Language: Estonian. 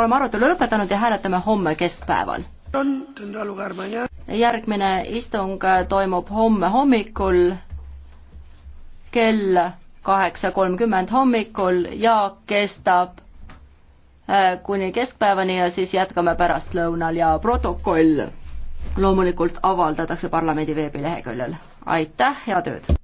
oleme arutelu lõpetanud ja hääletame homme keskpäeval. järgmine istung toimub homme hommikul kell kaheksa kolmkümmend hommikul ja kestab äh, kuni keskpäevani ja siis jätkame pärastlõunal ja protokoll loomulikult avaldatakse parlamendi veebileheküljel. aitäh, head ööd!